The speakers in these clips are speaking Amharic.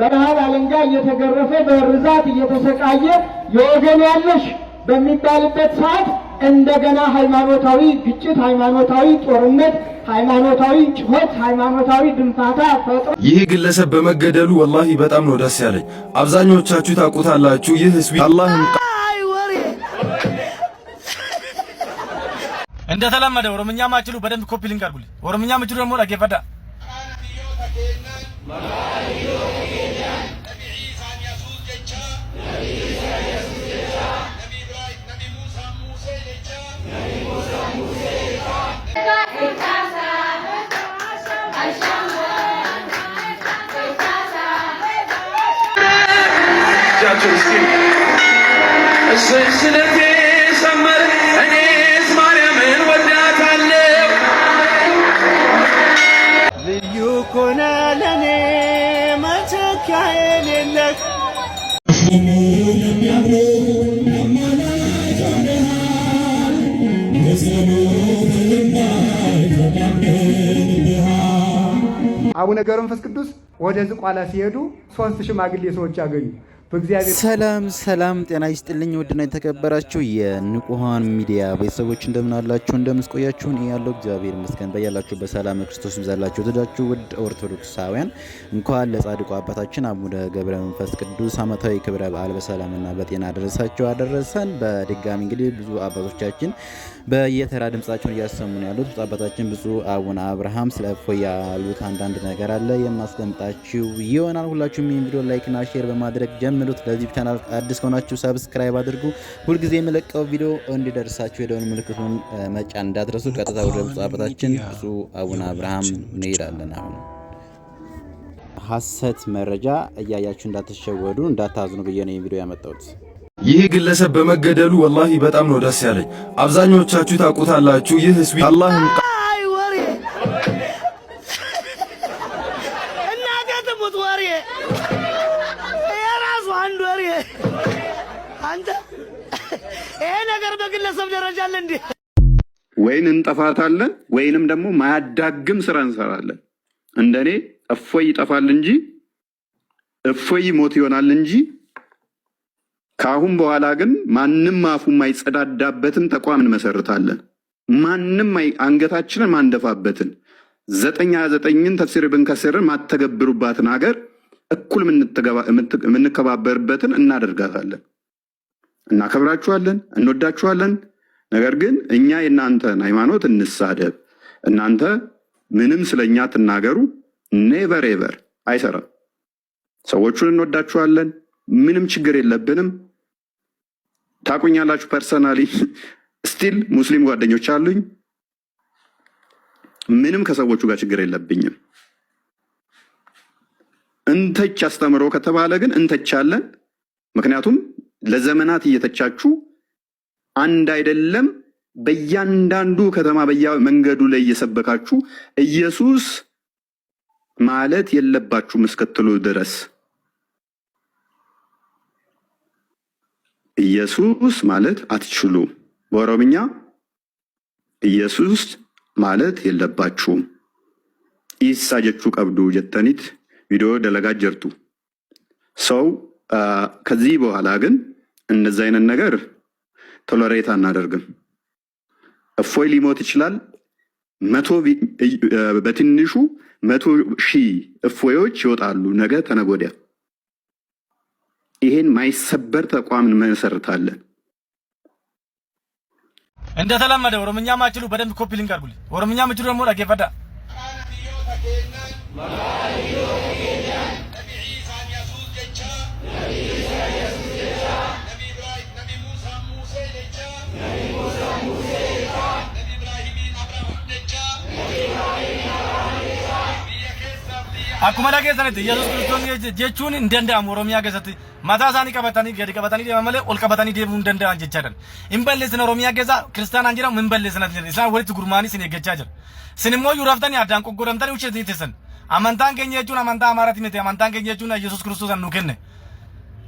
በረሃብ አለንጋ እየተገረፈ በርዛት እየተሰቃየ የወገን ያለሽ በሚባልበት ሰዓት እንደገና ሃይማኖታዊ ግጭት፣ ሃይማኖታዊ ጦርነት፣ ሃይማኖታዊ ጩኸት፣ ሃይማኖታዊ ድንፋታ ፈጥሮ ይህ ግለሰብ በመገደሉ ወላሂ በጣም ነው ደስ ያለኝ። አብዛኞቻችሁ ታውቁታላችሁ። ይህ ህዝቢ እንደተለመደ ኦሮምኛ ማችሉ በደንብ ኮፒ ሊንክ ኦሮምኛ ምችሉ ደግሞ ጌፈዳ I'm አቡነ ገብረ መንፈስ ቅዱስ ወደ ዝቋላ ሲሄዱ ሶስት ሽማግሌ ሰዎች አገኙ። ሰላም ሰላም፣ ጤና ይስጥልኝ። ውድና የተከበራችሁ የንቁሃን ሚዲያ ቤተሰቦች እንደምን አላችሁ? እንደምስቆያችሁን ያለው እግዚአብሔር ይመስገን። በያላችሁ በሰላም ክርስቶስ ይብዛላችሁ። የተወደዳችሁ ውድ ኦርቶዶክሳውያን እንኳን ለጻድቁ አባታችን አቡነ ገብረ መንፈስ ቅዱስ ዓመታዊ ክብረ በዓል በሰላምና በጤና አደረሳችሁ አደረሰን። በድጋሚ እንግዲህ ብዙ አባቶቻችን በየተራ ድምጻቸውን እያሰሙ ነው ያሉት። አባታችን ብፁዕ አቡነ አብርሃም ስለ እፎይ ያሉት አንዳንድ ነገር አለ የማስደምጣችሁ ይሆናል። ሁላችሁም ይህን ቪዲዮ ላይክና ሼር በማድረግ ጀምር አስጀምሩት። ለዚህ ቻናል አዲስ ከሆናችሁ ሰብስክራይብ አድርጉ። ሁልጊዜ የምለቀው ቪዲዮ እንዲደርሳችሁ የደውን ምልክቱን መጫን እንዳትረሱ። ቀጥታ ወደ ብፁዕ አባታችን ብፁዕ አቡነ አብርሃም እንሄዳለን አሁን ሀሰት መረጃ እያያችሁ እንዳትሸወዱ እንዳታዝኑ ብዬ ነው ቪዲዮ ያመጣሁት። ይህ ግለሰብ በመገደሉ ወላሂ በጣም ነው ደስ ያለኝ። አብዛኞቻችሁ ታውቁታላችሁ። ይህ ህዝቢ አላህ በግለሰብ ደረጃ አለ እንዴ? ወይን እንጠፋታለን ወይንም ደግሞ ማያዳግም ስራ እንሰራለን። እንደኔ እፎይ ይጠፋል እንጂ እፎይ ሞት ይሆናል እንጂ ከአሁን በኋላ ግን ማንም አፉ የማይጸዳዳበትን ተቋም እንመሰርታለን። ማንም አንገታችንን ማንደፋበትን ዘጠኛ ዘጠኝን ተፍሲር ብንከስርን ማተገብሩባትን ሀገር እኩል የምንከባበርበትን እናደርጋታለን። እናከብራችኋለን፣ እንወዳችኋለን። ነገር ግን እኛ የእናንተን ሃይማኖት እንሳደብ፣ እናንተ ምንም ስለኛ ትናገሩ፣ ኔቨር ኤቨር አይሰራም። ሰዎቹን እንወዳችኋለን፣ ምንም ችግር የለብንም። ታቁኛላችሁ። ፐርሰናሊ ስቲል ሙስሊም ጓደኞች አሉኝ። ምንም ከሰዎቹ ጋር ችግር የለብኝም። እንተች አስተምሮ ከተባለ ግን እንተቻለን። ምክንያቱም ለዘመናት እየተቻችሁ አንድ አይደለም በእያንዳንዱ ከተማ በየመንገዱ ላይ እየሰበካችሁ ኢየሱስ ማለት የለባችሁም እስክትሉ ድረስ ኢየሱስ ማለት አትችሉ በኦሮምኛ ኢየሱስ ማለት የለባችሁም። ኢሳ ጀቹ ቀብዱ ጀተኒት ቪዲዮ ደለጋጀርቱ ሰው ከዚህ በኋላ ግን እንደዚህ አይነት ነገር ቶለሬት አናደርግም። እፎይ ሊሞት ይችላል። መቶ በትንሹ መቶ ሺህ እፎዮች ይወጣሉ ነገ ተነጎዲያ። ይሄን ማይሰበር ተቋም እንመሰርታለን። እንደተለመደ ኦሮምኛ ማችሉ በደንብ ኮፒ ሊንክ አድርጉልኝ። ኦሮምኛ ምችሉ ደግሞ ጌፈዳ akkuma keessanitti yesus kiristoos jechuun hin danda'amu oromiyaa keessatti mataa isaanii qabatanii gadi qabatanii deeman malee ol qabatanii deemuu hin danda'an jechaadhan hin balleessina oromiyaa keessa kiristaanaan jedhamu hin balleessina isaan walitti gurmaanii sin eeggachaa jira sin immoo yuu raftanii addaan qoqqoodamtanii ucheetii teessan amantaan keenya jechuun amantaa amaaraati miti amantaan keenya jechuun yesus kiristoos nu kenne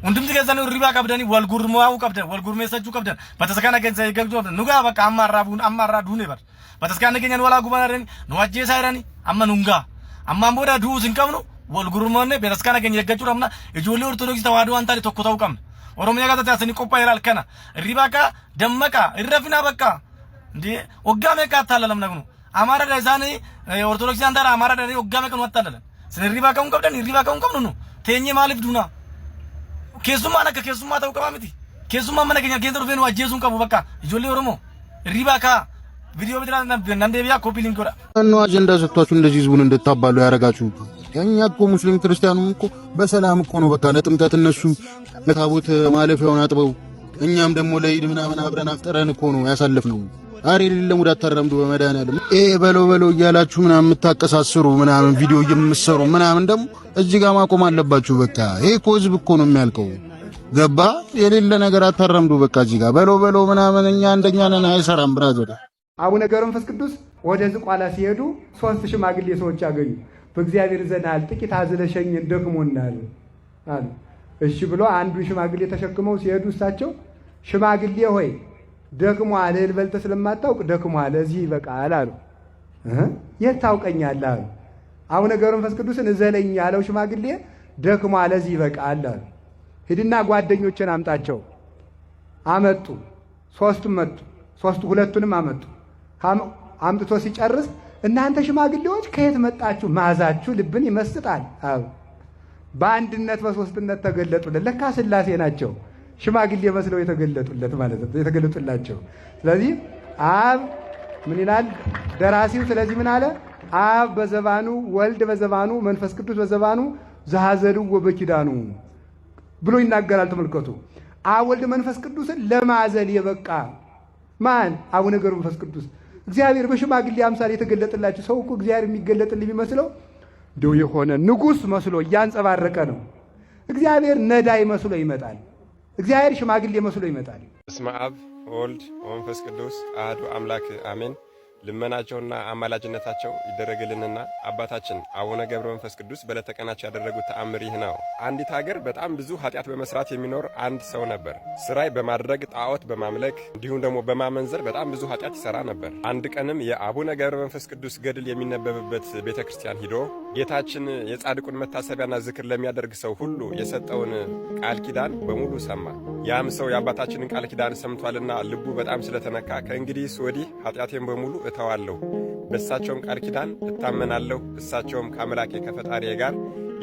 hundumti keessanii hirribaa qabdanii wal gurmaa'uu qabdan wal gurmeessachuu qabdan bataskaana keessa eeggachuu qabdan nugaa bakka amma irraa buun amma irraa duune bar bataskaana keenya nu walaa gubanarreen nu ajjeesaa jiranii amma nungaa ammaan booda du'uus hin qabnu wal gurmoonne bataskaana keenya eeggachuun amna ijoollee ortodoksii tawaadoo waan taane tokko ta'uu qabna oromiyaa keessatti taasisanii qophaa'e laal kana hirribaa kaa dammaqaa irra finaa bakka waggaa meeqaa attaallalamna kunu amaaraa dha isaanii ortodoksii aan taara amaaraa dha waggaa meeqa nu attaallalan sin hirribaa ka'uun qabdan hirribaa ka'uun qabnu nu teenyee maaliif duunaa keessummaan akka keessummaa ta'uu qabaa miti keessummaan mana keenya keessa dhufee nu ajjeesuun qabu bakka ijoollee oromoo hirribaa kaa ቪዲዮ እናንተ ነብያ ኮፒ ሊንክ ወራ እና አጀንዳ ሰጥቷችሁ እንደዚህ ህዝቡን እንድታባሉ ያረጋችሁ። እኛ እኮ ሙስሊም ክርስቲያኑ እኮ በሰላም እኮ ነው በቃ ለጥምቀት እነሱ ለታቦት ማለፊያውን አጥበው እኛም ደግሞ ለኢድ ምናምን አብረን አፍጠረን እኮ ነው ያሳለፍነው። አሬ ሌለ ሙድ አታረምዱ በመድኃኒዓለም ኤ በለው በለው እያላችሁ ምናምን የምታቀሳስሩ ምናምን ቪዲዮ የምትሰሩ ምናምን ደግሞ እዚህ ጋር ማቆም አለባችሁ። በቃ ይሄ እኮ ህዝብ እኮ ነው የሚያልቀው። ገባ የሌለ ነገር አታረምዱ በቃ እዚህ ጋር በለው በለው ምናምን እኛ እንደኛ ነን አይሰራም ብራዘር አቡነ ገብረ መንፈስ ቅዱስ ወደ ዝቋላ ሲሄዱ ሶስት ሽማግሌ ሰዎች አገኙ። በእግዚአብሔር ይዘንሃል፣ ጥቂት አዝለሸኝን ደክሞናል አሉ። እሺ ብሎ አንዱን ሽማግሌ ተሸክመው ሲሄዱ እሳቸው ሽማግሌ ሆይ ደክሟል፣ እህል በልተህ ስለማታውቅ ደክሟል፣ እዚህ ይበቃል አሉ። የት ታውቀኛለህ አሉ። አቡነ ገብረ መንፈስ ቅዱስን እዘለኝ ያለው ሽማግሌ ደክሟል፣ እዚህ ይበቃል አሉ። ሂድና ጓደኞችን አምጣቸው። አመጡ። ሶስቱም መጡ። ሶስቱ ሁለቱንም አመጡ። አምጥቶ ሲጨርስ እናንተ ሽማግሌዎች ከየት መጣችሁ? ማዛችሁ ልብን ይመስጣል። አብ በአንድነት በሶስትነት ተገለጡለት። ለካ ስላሴ ናቸው ሽማግሌ መስለው የተገለጡለት ማለት ነው የተገለጡላቸው። ስለዚህ አብ ምን ይላል ደራሲው? ስለዚህ ምን አለ? አብ በዘባኑ ወልድ በዘባኑ መንፈስ ቅዱስ በዘባኑ ዘሐዘሉ ወበኪዳኑ ብሎ ይናገራል። ተመልከቱ። አብ ወልድ መንፈስ ቅዱስን ለማዘል የበቃ ማን? አቡነ ገብረ መንፈስ ቅዱስ እግዚአብሔር በሽማግሌ አምሳል የተገለጠላችሁ ሰው እኮ እግዚአብሔር የሚገለጥል የሚመስለው እንደው የሆነ ንጉሥ መስሎ እያንጸባረቀ ነው። እግዚአብሔር ነዳይ መስሎ ይመጣል። እግዚአብሔር ሽማግሌ መስሎ ይመጣል። በስመ አብ ወወልድ ወመንፈስ ቅዱስ አሐዱ አምላክ አሜን። ልመናቸውና አማላጅነታቸው ይደረግልንና አባታችን አቡነ ገብረ መንፈስ ቅዱስ በለተቀናቸው ያደረጉት ተአምር ይህ ነው። አንዲት ሀገር በጣም ብዙ ኃጢአት በመስራት የሚኖር አንድ ሰው ነበር። ስራይ በማድረግ ጣዖት በማምለክ እንዲሁም ደግሞ በማመንዘር በጣም ብዙ ኃጢአት ይሰራ ነበር። አንድ ቀንም የአቡነ ገብረ መንፈስ ቅዱስ ገድል የሚነበብበት ቤተ ክርስቲያን ሂዶ ጌታችን የጻድቁን መታሰቢያና ዝክር ለሚያደርግ ሰው ሁሉ የሰጠውን ቃል ኪዳን በሙሉ ሰማ። ያም ሰው የአባታችንን ቃል ኪዳን ሰምቷልና ልቡ በጣም ስለተነካ ከእንግዲህስ ወዲህ ኃጢአቴን በሙሉ እተዋለሁ፣ በእሳቸውም ቃል ኪዳን እታመናለሁ፣ እሳቸውም ከአምላኬ ከፈጣሪ ጋር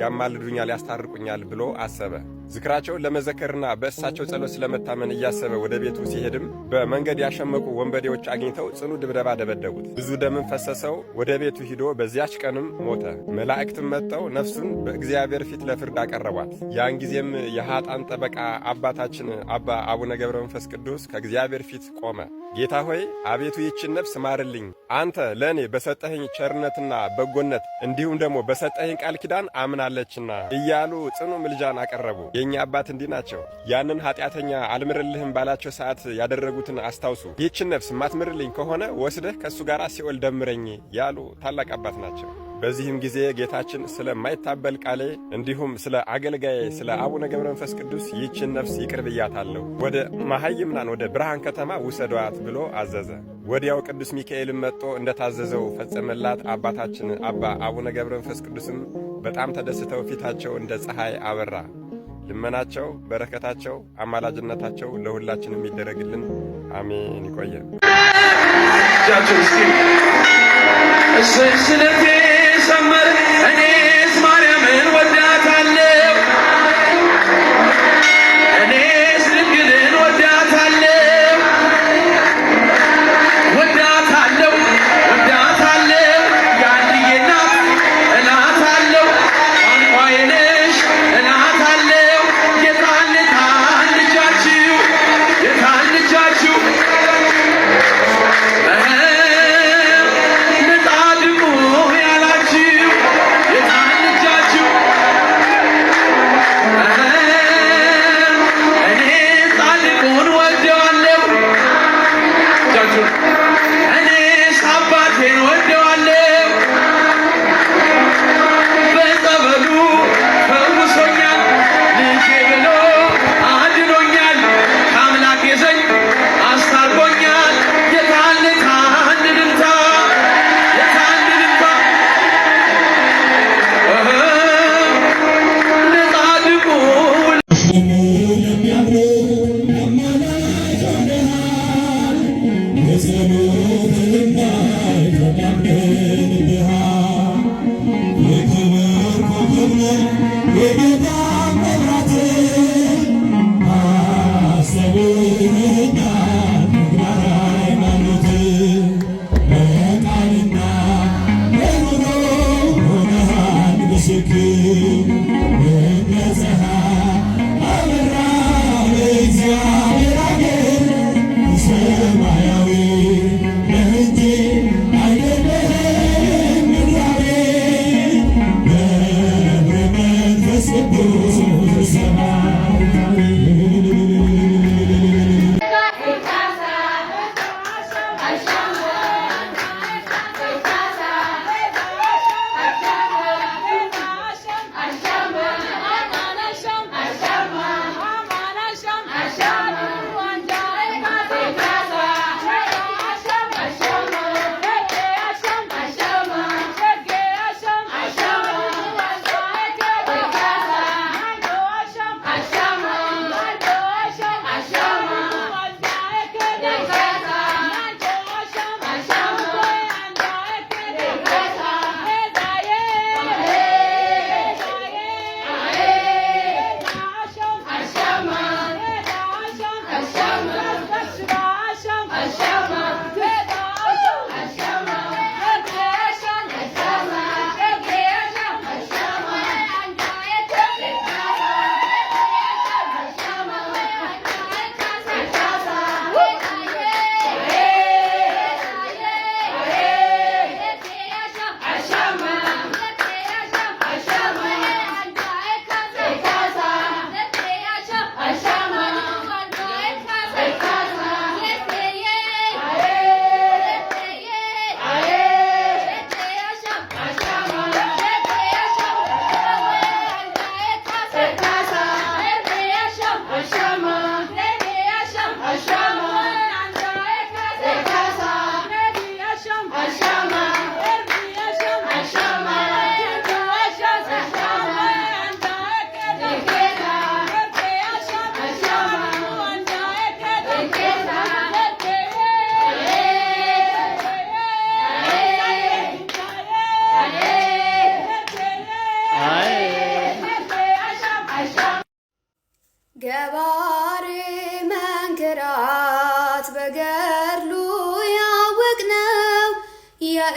ያማልዱኛል፣ ያስታርቁኛል ብሎ አሰበ። ዝክራቸውን ለመዘከርና በእሳቸው ጸሎት ስለመታመን እያሰበ ወደ ቤቱ ሲሄድም በመንገድ ያሸመቁ ወንበዴዎች አግኝተው ጽኑ ድብደባ ደበደቡት። ብዙ ደምን ፈሰሰው ወደ ቤቱ ሂዶ በዚያች ቀንም ሞተ። መላእክትም መጥተው ነፍሱን በእግዚአብሔር ፊት ለፍርድ አቀረቧት። ያን ጊዜም የሀጣን ጠበቃ አባታችን አባ አቡነ ገብረ መንፈስ ቅዱስ ከእግዚአብሔር ፊት ቆመ። ጌታ ሆይ አቤቱ ይችን ነፍስ ማርልኝ፣ አንተ ለእኔ በሰጠኸኝ ቸርነትና በጎነት እንዲሁም ደግሞ በሰጠኸኝ ቃል ኪዳን አምናለችና እያሉ ጽኑ ምልጃን አቀረቡ። የእኛ አባት እንዲህ ናቸው። ያንን ኃጢአተኛ አልምርልህም ባላቸው ሰዓት ያደረጉትን አስታውሱ። ይህችን ነፍስ ማትምርልኝ ከሆነ ወስደህ ከእሱ ጋር ሲኦል ደምረኝ ያሉ ታላቅ አባት ናቸው። በዚህም ጊዜ ጌታችን ስለማይታበል ቃሌ እንዲሁም ስለ አገልጋዬ ስለ አቡነ ገብረ መንፈስ ቅዱስ ይህችን ነፍስ ይቅር ብያታለሁ፣ ወደ መሃይምናን ወደ ብርሃን ከተማ ውሰዷት ብሎ አዘዘ። ወዲያው ቅዱስ ሚካኤልም መጥቶ እንደታዘዘው ፈጸመላት። አባታችን አባ አቡነ ገብረ መንፈስ ቅዱስም በጣም ተደስተው ፊታቸው እንደ ፀሐይ አበራ። ልመናቸው፣ በረከታቸው፣ አማላጅነታቸው ለሁላችን የሚደረግልን አሜን። ይቆየ ስለቴ ሰመር እኔስ ማርያምን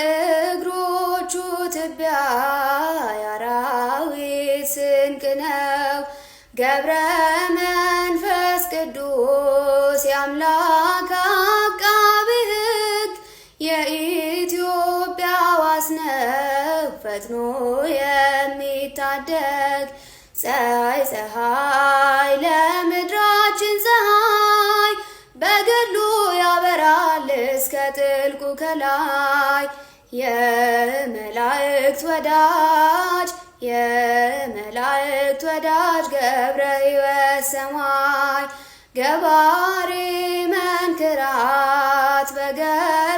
የእግሮቹ ትቢያ የአራዊት ስንቅ ነው። ገብረ መንፈስ ቅዱስ የአምላክ አቃቢ ሕግ የኢትዮጵያ ዋስነው ፈጥኖ የሚታደግ ፀይ ፀሐይ ለምድራችን ፀሐይ በግሉ ያበራል እስከ ጥልቁ ከላይ የመላእክት ወዳጅ የመላእክት ወዳጅ ገብረ ሕይወት ሰማይ ገባሬ መንክራት በገር